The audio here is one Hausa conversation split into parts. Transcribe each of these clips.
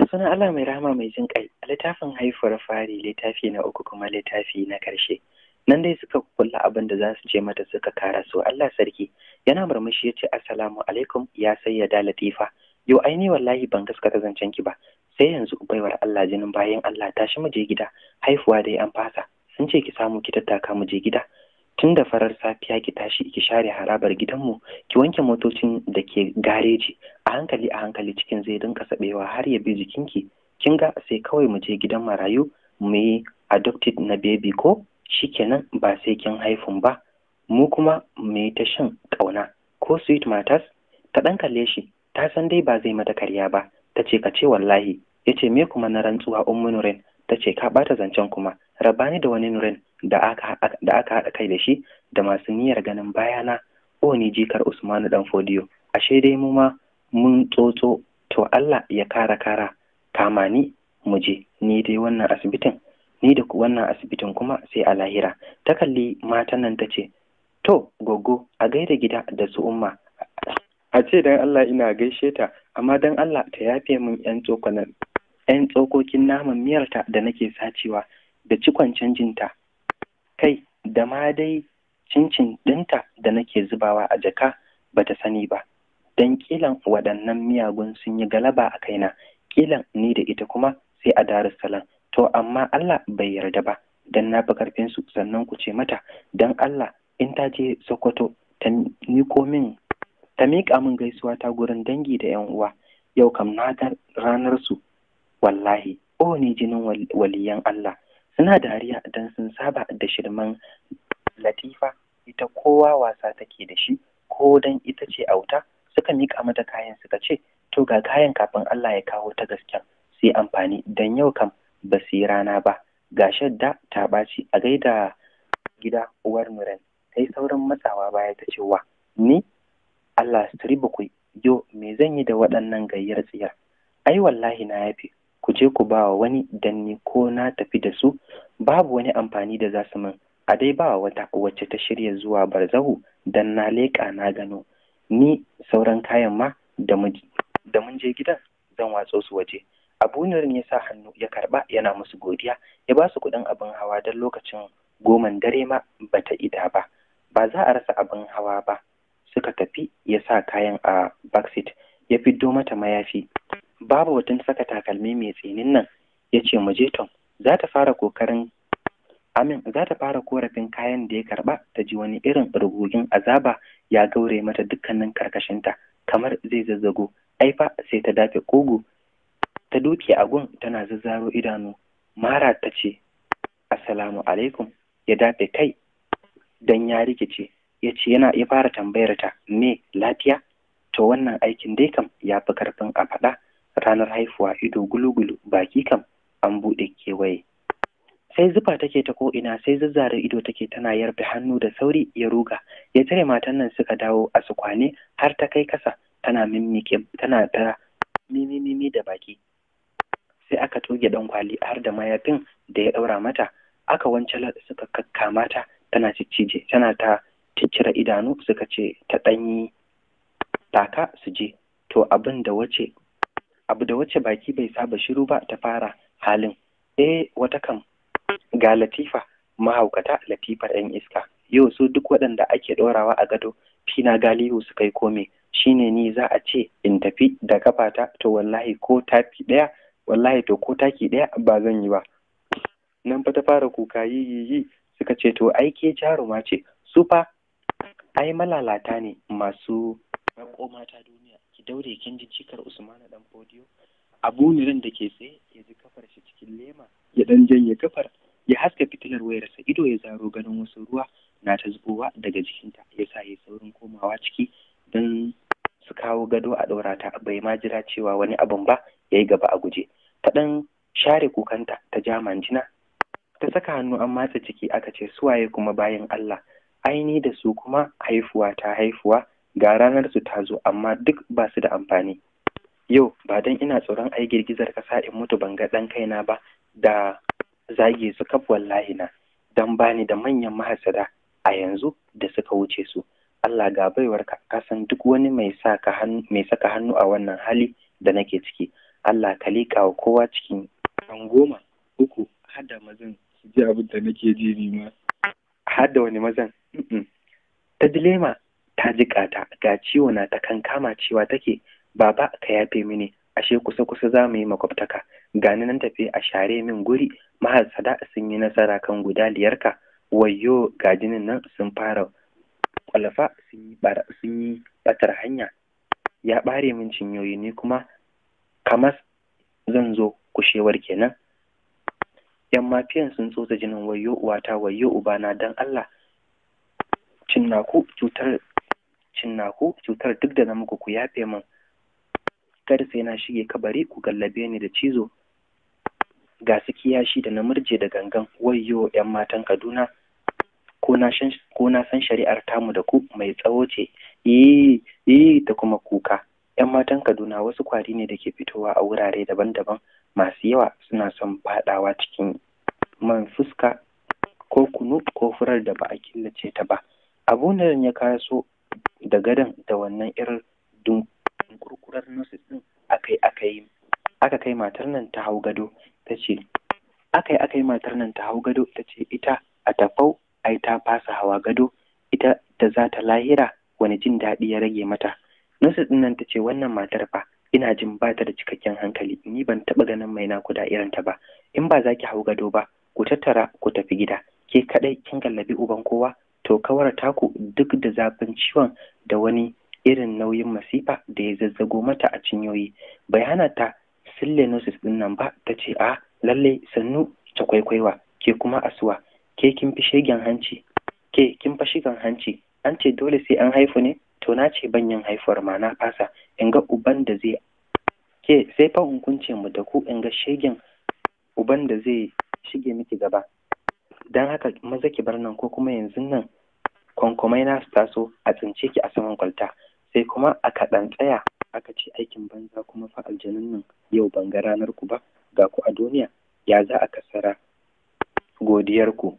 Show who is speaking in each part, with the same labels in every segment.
Speaker 1: da sunan Allah mai rahama mai jin kai a littafin haifar fari littafi na uku kuma littafi na karshe nan dai suka kulla abin da za su ce mata suka kara so Allah sarki yana murmushi ya ce assalamu alaikum ya da latifa yau aini wallahi ban gaskata zancen ki ba sai yanzu baiwar Allah jinin bayan Allah tashi mu je gida haifuwa dai an fasa sun ce ki samu ki tattaka mu je gida tun da farar safiya ki tashi ki share harabar gidanmu ki wanke motocin da ke gareji a hankali a hankali cikin zai dinka saɓewa har ya bi jikinki kin ga sai kawai mu je gidan marayu mu yi adopted na baby ko shikenan ba sai kin haifun ba mu kuma mu yi ta shan ƙauna ko sweet matters? ta ɗan kalle shi ta san dai ba zai mata karya ba ta ce ka ce wallahi ya ce me kuma na rantsuwa ummu nurin ta ce ka ɓata zancen kuma rabani da wani nurin da aka haɗa kai da shi da masu niyyar ganin bayana o ni jikar usmanu dan fodiyo ashe dai mu ma mun tsotso to Allah ya kara kara kama ni mu je ni dai wannan asibitin ni da wannan asibitin kuma sai a lahira ta kalli matan nan ta ce to gogo a gaida gida da su umma a ce dan Allah ina gaishe ta amma dan Allah ta yafe min yan tsokonan yan tsokokin naman miyarta da nake sacewa da cikon canjin ta kai da ma dai cincin dinta da nake zubawa a jaka bata sani ba don kilan waɗannan miyagun sun yi galaba a kaina kilan ni da ita kuma sai a salon to amma Allah bai yarda ba dan na fi karfin su sannan ku ce mata Don Allah in ta je Sokoto ta ta miƙa min gaisuwa ta gurin dangi da yan uwa yau kam na ga ranar su wallahi o ni jinin waliyan Allah suna dariya don sun saba da shirman latifa ita kowa wasa take da shi ko don ita ce auta suka miƙa mata kayan suka ce to ga kayan kafin Allah ya kawo ta gasken su amfani dan yau kam ba su yi rana ba ga shadda ta ɓaci a gaida gida uwar muren ta yi saurin matsawa baya ta ce wa ni Allah bakwai, yo me zan yi da waɗannan gayyar tsiyar ai wallahi na yafi ku je ku ba wani dan ni ko na tafi da su babu wani amfani da za su min a dai ba wata wacce ta shirya zuwa barzahu dan na leƙa na gano ni sauran kayan ma da mun je gidan zan watso su waje abunurin ya sa hannu ya karba yana musu godiya ya ba su kuɗin abin hawa don lokacin goman dare ma bata ida ba ba za a rasa abin hawa ba suka tafi ya sa kayan a backseat ya fiddo mata mayafi babu watan saka takalmi mai tsinin nan ya ce mu je tom za ta fara kokarin za ta fara korafin kayan da ya karba ta ji wani irin rugugin azaba ya gaure mata dukkanin karkashinta kamar zai zazzago ai fa sai ta dafe Kogo. ta duke agun tana zazzaro idanu mara ta ce assalamu alaikum ya dafe kai dan ya rikice ya ce yana ya fara tambayar ta me lafiya to wannan aikin dai kam ya fi karfin a faɗa ranar haifuwa ido gulugulu baki kam an buɗe kewaye sai zufa take ta ko'ina sai zazzarar ido take tana yarfe hannu da sauri ya ruga ya tare matan nan suka dawo a su kwane har ta kai kasa tana mimmike tana ta mimimi da baki sai aka toge dan kwali har da mayafin da ya daura mata aka wance suka kakkama tana ciccije tana ta ciccire idanu suka ce ta danyi taka su je to abin da wace abu da wace baki bai saba shiru ba ta fara halin eh wata kam ga latifa mahaukata latifar yan iska yau su duk waɗanda ake ɗorawa a gado fina galihu su kai kome shine ni za a ce in tafi da kafata to wallahi ko tafi ɗaya wallahi to ko taki ɗaya ba zan yi ba nan fa ta fara kuka yi yi yi suka ce to ai ke jaruma ce su fa ai malalata ne masu rako mata duniya ki daure kin ji cikar usmana dan fodiyo abu ne da ke tsaye ya ji kafar shi cikin lema ya dan janye kafar ya haska fitilar wayarsa ido ya zaro ganin wasu ruwa na ta zubowa daga jikinta ya sa ya saurin komawa ciki don su kawo gado a ɗora ta bai ma jira cewa wani abun ba ya yi gaba a guje ta ɗan share kukanta ta ja manjina ta saka hannu an matsa ciki aka ce suwaye kuma bayan Allah aini da su kuma haifuwa ta haifuwa ga ranar su ta zo amma duk ba su da amfani yau ba don ina tsoron ai girgizar kasa in mutu ban ga ɗan kaina ba da zage su kaf wallahi na dan bani da manyan mahasada a yanzu da suka wuce su Allah ga baiwarka ka san duk wani mai saka hannu a wannan hali da nake ciki Allah ka liƙa wa kowa cikin ɗan goma uku hada mazan su ji abin da nake ji ni ma hada wani mazan ta dilema ta ji ta ga ciwo na ta kankama cewa take baba ka yafe mini ashe kusa kusa za mu yi makwabtaka gani nan tafi a share min guri maharsada sun yi nasara kan guda liyarka wayo gajinin nan sun fara kwalfa sun yi batar hanya ya bare min cinyoyi ne kuma kamar zan zo kushewar kenan yan mafiyan sun tsotsa jinin wayo wata wayo ubana dan Allah cinnaku cutar cinnaku cutar duk da na muku ku yafe min sai na shige kabari ku gallabe ni da cizo ga su kiyashi da na murje da gangan wayyo yan matan kaduna ko na san shari'ar tamu da ku mai tsawo ce yi da kuma kuka yan matan kaduna wasu kwari ne da ke fitowa a wurare daban-daban masu yawa suna son fadawa cikin man fuska ko kunu ko furar da ba a killace ta ba abunan ya kaso da gadon da wannan irin bayan kurkurar nurses ɗin akai akai aka kai matar nan ta hau gado ta ce akai akai matar nan ta hau gado ta ce ita a tafau ai ta fasa hawa gado ita da za ta lahira wani jin daɗi ya rage mata nurses ɗin nan ta ce wannan matar fa ina jin ba ta da cikakken hankali ni ban taɓa ganin mai da irin ta ba in ba za ki hau gado ba ku tattara ku tafi gida ke kaɗai kin gallabi uban kowa to kawar taku duk da zafin ciwon da wani irin nauyin masifa da ya zazzago mata a cinyoyi bai hana ta sillenosis din nan ba ta ce a ah, lallai sannu ta kwaikwaiwa ke kuma asuwa ke kin fi shegen hanci ke kin fa shigan hanci an ce dole sai an haifu ne to na ce ban yin haifuwar ma na fasa in ga uban da zai ke sai fa hukunce mu da ku in ga shegen uban da zai shige miki gaba dan haka maza ki bar nan ko kuma yanzu nan kwankwamai na su taso a tsince ki a saman kwalta sai kuma a kaɗan tsaya aka ce aikin banza kuma fa aljanun nan yau ban ga ranar ku ba ga ku a duniya ya za a kasara godiyar ku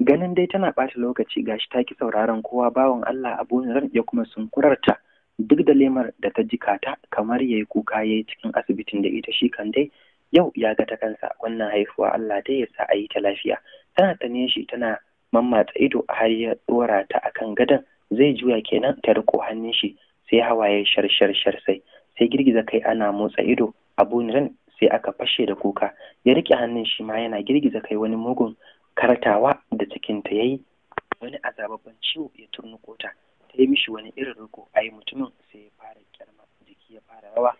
Speaker 1: ganin dai tana ɓata lokaci gashi ta ki sauraron kowa bawan Allah a ran ya kuma sunkurarta duk da lemar da ta jikata kamar yayi kuka yayi cikin asibitin da ita shi kan dai yau ya ga ta kansa wannan haihuwa Allah dai ya sa a yi ta lafiya tana tane shi tana mammatsa ido har ya dora ta akan gadon zai juya kenan ta riko hannun shi sai hawaye shar shar sai sai girgiza kai ana motsa ido a abuniran sai aka fashe da kuka ya rike hannun shi ma yana girgiza kai wani mugun karatawa da cikinta yayi wani azababban ciwo ya turnuko ta ta yi mishi wani irin riko ai mutumin sai ya fara kyarma jiki ya fara rawa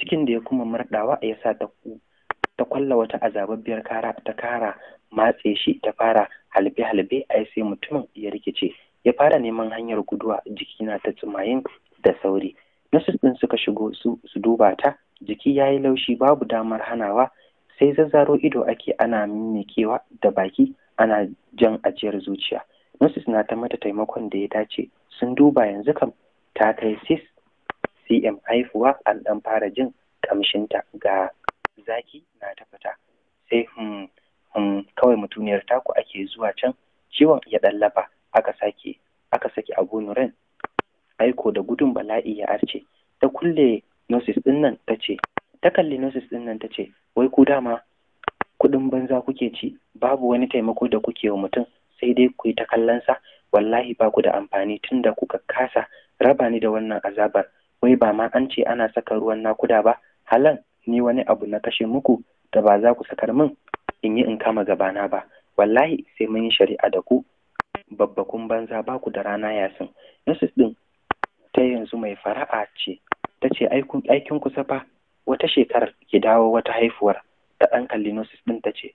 Speaker 1: cikin da ya kuma murdawa ya sa ta ta kwalla wata azababbiyar kara ta kara matse shi ta fara halbe-halbe ai sai mutumin ya rikice ya fara neman hanyar guduwa jiki na ta tsumayin da sauri nasu ɗin suka shigo su duba ta jiki ya yi laushi babu damar hanawa sai zazzaro ido ake ana mimikewa da baki ana jan ajiyar zuciya Nasus na ta mata taimakon da ya dace sun duba yanzu kam ta kai sis cm haifuwa an dan fara jin kamshinta ga zaki na ta fita sai hmm, hmm, kawai mutuniyar taku ake zuwa can ciwon ya dan aka sake aka saki abu Nuran. aiko da gudun bala'i ya arce ta kulle nosis din nan ta ce ta kalli nosis din nan ta wai ku dama kuɗin banza kuke ci babu wani taimako da kuke wa mutum sai dai ku yi ta kallonsa wallahi ba ku da amfani tunda kuka kasa raba ni da wannan azabar wai ba ma an ce ana saka ruwan nakuda ba halan ni wani abu na kashe muku da ba za ku sakar min in yi in kama gabana ba wallahi sai mun yi shari'a da ku babbakun banza ba ku da rana yasin nurses din ta yanzu mai fara'a ce ta ce aikin kusa ba. wata shekarar ki dawo wata haifuwar ta ɗan kalli nurses din ta ce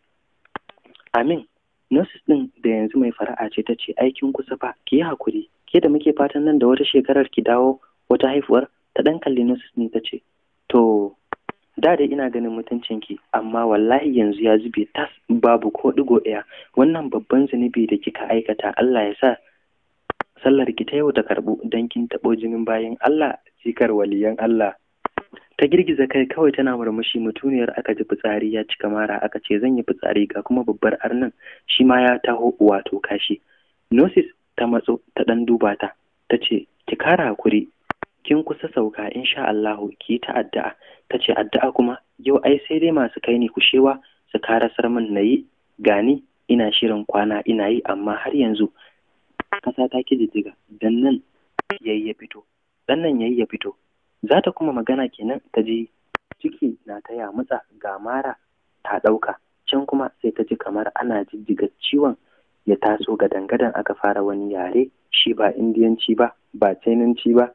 Speaker 1: amin nurses din da yanzu mai fara'a ce ta ce aikin kusa ba ki yi hakuri ke da muke fatan nan da wata shekarar ki dawo wata haifuwar ta ɗan kalli nurses din ta ce to da da ina ganin mutuncin ki, amma wallahi yanzu ya zube tas babu ko digo ɗaya wannan babban zunubi da kika aikata Allah ya sa sallar ki ta yau ta karbu dan kin taɓo jinin bayan Allah jikar waliyan Allah ta girgiza kai kawai tana murmushi mutuniyar aka ji fitsari ya cika mara aka ce zan yi fitsari ga kuma babbar arnan shi ma ya taho wato kashi nosis ta matso ta dan duba ta ta ce ki kara hakuri kin kusa sauka insha Allahu ki ta addu'a tace addu'a kuma yau ai sai dai masu kai ni kushewa su karasar min nayi gani ina shirin kwana ina yi amma har yanzu kasa ta ki jijjiga dan nan yayi ya fito dan nan yayi ya fito za ta kuma magana kenan ta ji ciki na ta ya mutsa ga mara ta ɗauka can kuma sai ta ji kamar ana jijjiga ciwon ya taso ga dangadan aka fara wani yare shi ba indiyanci ba ba chinanci ba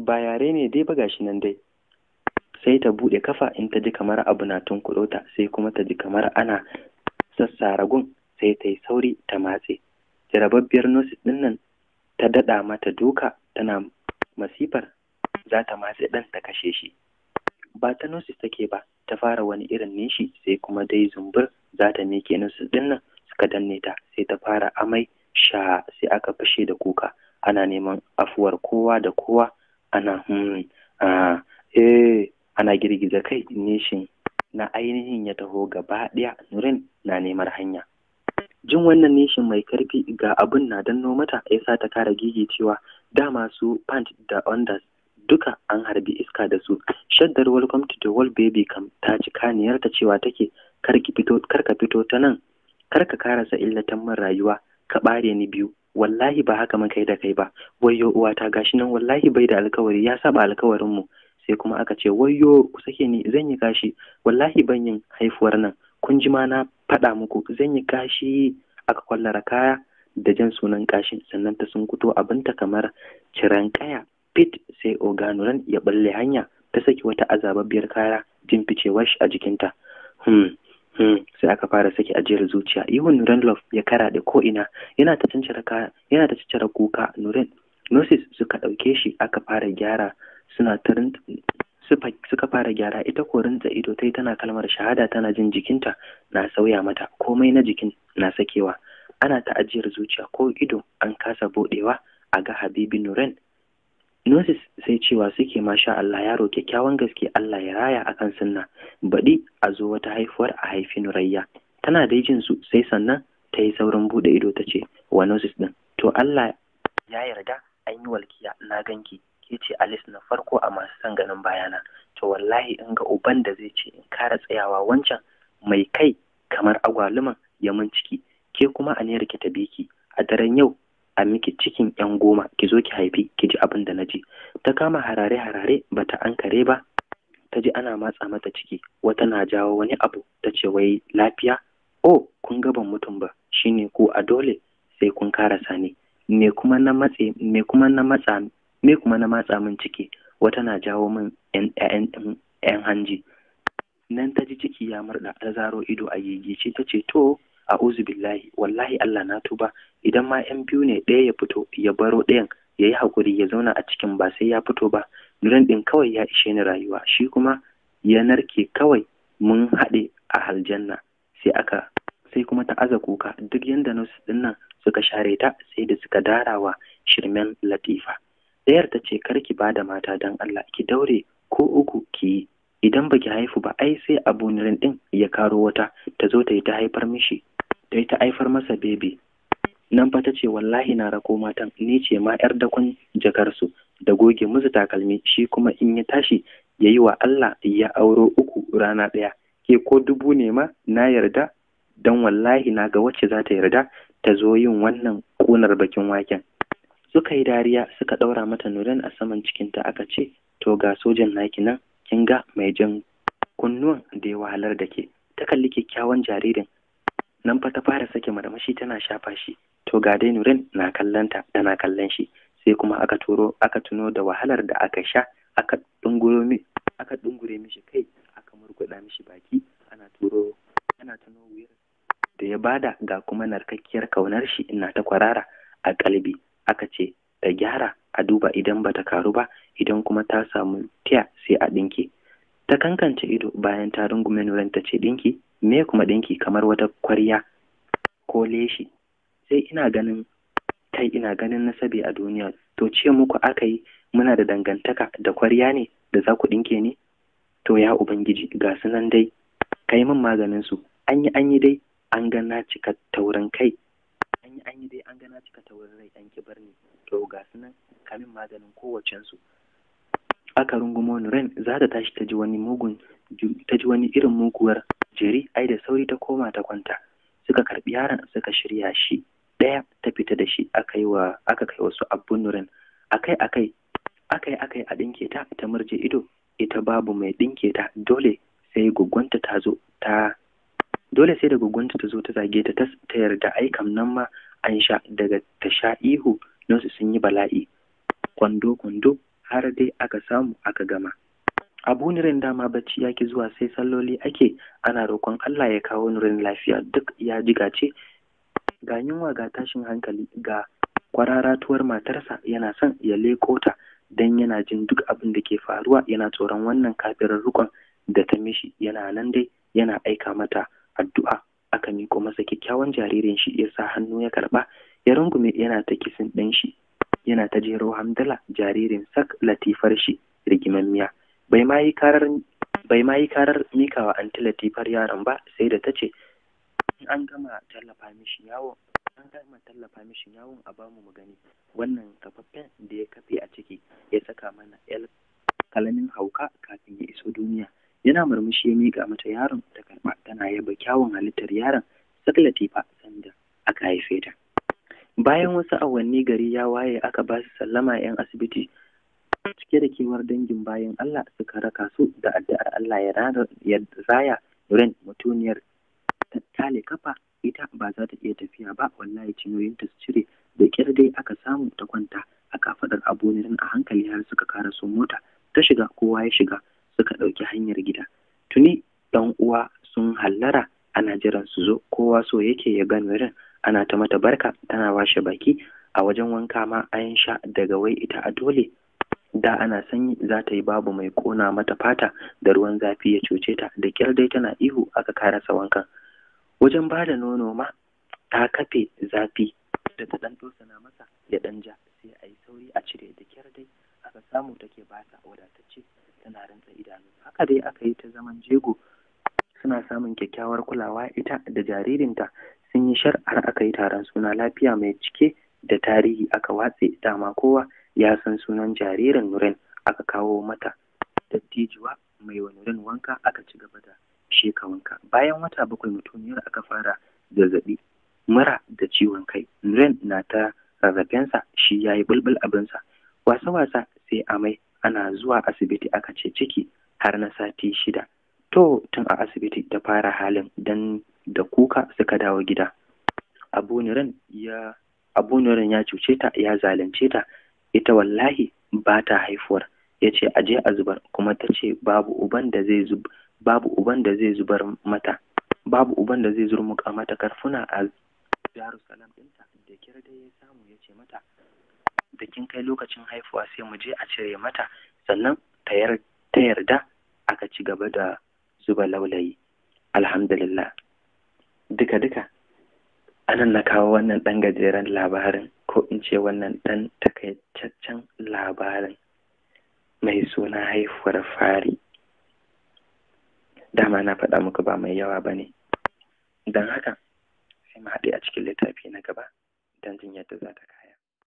Speaker 1: ba yare ne dai ba gashi nan dai sai ta buɗe kafa in ta ji kamar abu na tunkuɗo ta sai kuma ta ji kamar ana sassa gun sai ta yi sauri ta matse jarababbiyar nosi ɗin nan ta daɗa mata duka tana masifar za ta matse ɗan ta kashe shi ba ta nosi take ba ta fara wani irin nishi sai kuma dai zumbur za ta miƙe nosi ɗin nan suka danne ta sai ta fara amai sha sai aka fashe da kuka ana neman afuwar kowa da kowa ana hmm a eh ana girgiza kai nishin na ainihin ya taho gaba ɗaya nurin na neman hanya jin wannan nishin mai karfi ga abin na danno nomata ya sa ta kara gigi cewa dama su pant da ondas duka an harbi iska da su shaddar welcome to the world baby kam ta ci kaniyar ta cewa take kar ka fito ta nan kar karasa illatan min rayuwa ka ɓare ni biyu wallahi ba haka muka yi da kai ba wayyo uwata gashi nan wallahi bai da alkawari ya saba alkawarin mu sai kuma aka ce wayyo ku sake ni zan yi gashi wallahi ban yin haifuwar nan kun ji ma na faɗa muku zan yi gashi aka kwallara kaya da jan sunan gashin sannan ta sun kuto abinta kamar ciran kaya fit sai oganuran ya balle hanya ta saki wata azababbiyar kaya jin ficewar shi a jikinta hmm Hmm. sai aka fara saki ajiyar zuciya ihun nurenlof ya karaɗe ko ina yana ta cancara kuka Nuren nurses suka ɗauke shi aka fara gyara suna tarin suka fara gyara ita korinta ido tai tana kalmar shahada tana jin jikinta na sauya mata komai na jikin na sakewa ana ta ajiyar zuciya ko ido an kasa bodewa a ga habibi nuren hypnosis sai cewa suke masha Allah yaro kyakkyawan gaske Allah ya raya akan sunna baɗi a zo wata haifuwar a haifi Nurayya. Tana da jin su sai sannan ta yi saurin buɗe ido ta ce wa nosis ɗin. To Allah ya yarda an yi walkiya na ganki ke ce Alice na farko a masu son ganin bayana. To wallahi in ga uban da zai ce in kara tsayawa wancan mai kai kamar agwaluman ya ciki ke kuma a ki ta biki a daren yau a miki cikin yan goma ki zo ki haifi ki ji abin da na ji ta kama harare harare ba bata ankare ba ta ji ana matsa mata ciki wata na jawo wani abu ta ce wai lafiya oh kun ga ban mutum ba shine ko a dole sai kun karasa ne me kuma na matsa me kuma na matsa min ciki wata na jawo min yan hanji nan ta ji ciki ya murda ta zaro ido a gigice ta ce to a billahi wallahi Allah na tuba idan ma yan biyu ne ɗaya ya fito ya baro ɗayan ya yi haƙuri ya zauna a cikin ba sai ya fito ba nuran ɗin kawai ya ishe ni rayuwa shi kuma ya narke kawai mun haɗe a haljanna sai aka sai kuma ta aza kuka duk yadda nasu ɗinnan suka share ta sai da suka darawa shirmen latifa ɗayar ta ce kar ki da mata don Allah ki daure ko uku ki yi idan baki haifu ba ai sai abu nurin ɗin ya karo wata ta zo ta yi ta haifar mishi ta ta aifar masa bebe nan fa ta ce wallahi na rako matan ni ce ma yar dakon jakarsu da goge musu takalmi shi kuma in ya tashi ya yi wa Allah ya auro uku rana ɗaya ke ko dubu ne ma na yarda don wallahi na ga wacce za ta yarda ta zo yin wannan ƙunar bakin waken suka yi dariya suka ɗaura mata nuran a saman cikinta aka ce to ga sojan naki nan kin ga mai jan kunnuwan da ya wahalar da ke ta kalli kyakkyawan jaririn nan fa ta fara sake marmashi tana shafa shi to ga dai Nurin na kallanta tana kallon shi sai kuma aka turo aka tuno da wahalar da aka sha aka dungure mi aka dungure mishi kai aka murguda mishi baki ana turo ana tuno wuyar da ya bada ga kuma narkakkiyar kaunar shi ina ta kwarara a kalbi aka ce da gyara a duba idan ba ta karu ba idan kuma ta samu tiya sai a dinki ta kankance ido bayan ta rungume nuran ta ce dinki me kuma ɗinki kamar wata kwarya ko leshi sai ina ganin kai ina ganin nasabi a duniya to ce muku aka yi muna da dangantaka da kwarya ne da za ku ɗinke ne to ya ubangiji ga su nan dai ka yi min maganin su an yi an yi dai an ga cika taurin kai an yi an yi dai an ga cika taurin rai an ki barni to ga su nan ka min maganin kowacensu aka rungumo nuren za ta tashi ta ji wani mugun ta ji wani irin muguwar jeri ai da sauri ta koma ta kwanta suka karbi yaron suka shirya shi ɗaya ta fita da shi aka yi wa kai wasu abun nurin akai akai akai akai a ɗinke ta ta murje ido ita babu mai dinke ta dole sai gugunta ta zo ta dole sai da gugunta ta zo ta zage ta ta yarda ai kam nan ma an sha daga ta sha ihu nasu sun yi bala'i kwando kwando har dai aka samu aka gama abu nurin dama bacci ya zuwa sai salloli ake ana roƙon allah ya kawo nurin lafiya duk ya jigace ga yunwa ga tashin hankali ga kwararatuwar matarsa yana son ya leko ta don yana jin duk abin da ke faruwa yana tsoron wannan kafirar rukon da ta mishi yana nan dai yana aika mata addu'a aka miko masa kyakkyawan jaririn shi ya sa hannu ya karɓa. ya rungume yana ta kisin ɗan shi yana ta jero hamdala jaririn sak latifar shi rigimammiya bai ma yi karar mikawa anti latifar yaron ba sai da ta ce an gama tallafa mishi yawon an gama tallafa mishi yawon a bamu mu gani wannan kafaffen da ya kafe a ciki ya saka mana yal kalamin hauka kafin ya iso duniya
Speaker 2: yana murmushi
Speaker 1: ya miƙa mata yaron ta karɓa tana yaba kyawun halittar yaron sak latifa sanda aka haife ta bayan wasu awanni gari ya waye aka ba su sallama yan asibiti cike da kewar dangin bayan Allah suka raka su da addu'ar Allah ya zaya ran mutuniyar tattale kafa ita ba za ta iya tafiya ba wallahi ta su cire da kyar dai aka samu ta kwanta a kafadar abunirin a hankali har suka kara su mota ta shiga kowa ya shiga suka ɗauki hanyar gida tuni dan uwa sun hallara ana jiran su zo kowa so yake ya gan wurin ana ta mata barka tana washe baki a wajen wanka ma an sha daga wai ita a dole da ana sanyi za ta yi babu mai kona mata fata da ruwan zafi ya cuce ta da kyar dai tana ihu aka karasa wankan wajen ba da nono ma ta kafe zafi da ta dan tosana masa ya dan ja sai a yi sauri a cire da kyar dai aka samu take ba ta wadatacce tana rantsa idanu haka dai aka yi ta zaman jego suna samun kyakkyawar kulawa ita da jaririnta sun yi har aka yi taron suna lafiya mai cike da tarihi aka watse dama kowa ya san sunan jaririn nurin aka kawo mata dattijuwa mai wa nurin wanka aka ci gaba da sheka wanka bayan wata bakwai mutum, mutumiyar aka fara zazzabi mura da ciwon kai nurin na ta rarrafensa shi ya yi bulbul abinsa wasa-wasa sai amai ana zuwa asibiti aka ce ciki har na sati shida to tun a asibiti ta fara halin dan da kuka suka dawo gida Abu ya ya cuce ta ya zalunce ta ita wallahi ba ta haifuwar ya ce a je a zubar kuma ta ce babu uban da zai zubar mata babu uban da zai zurmuka mata karfuna a Jarusalam ɗinta da kira ya samu ya ce mata da kin kai lokacin haifuwa sai mu je a cire mata sannan ta yarda aka ci gaba da zuba laulayi alhamdulillah duka duka anan na kawo wannan ɗan gajeren labarin ko in ce wannan ɗan takaitaccen labarin mai suna haifuwar fari dama na faɗa muku ba mai yawa ba ne don haka sai mu haɗe a cikin littafi na gaba don jin yadda za ta kaya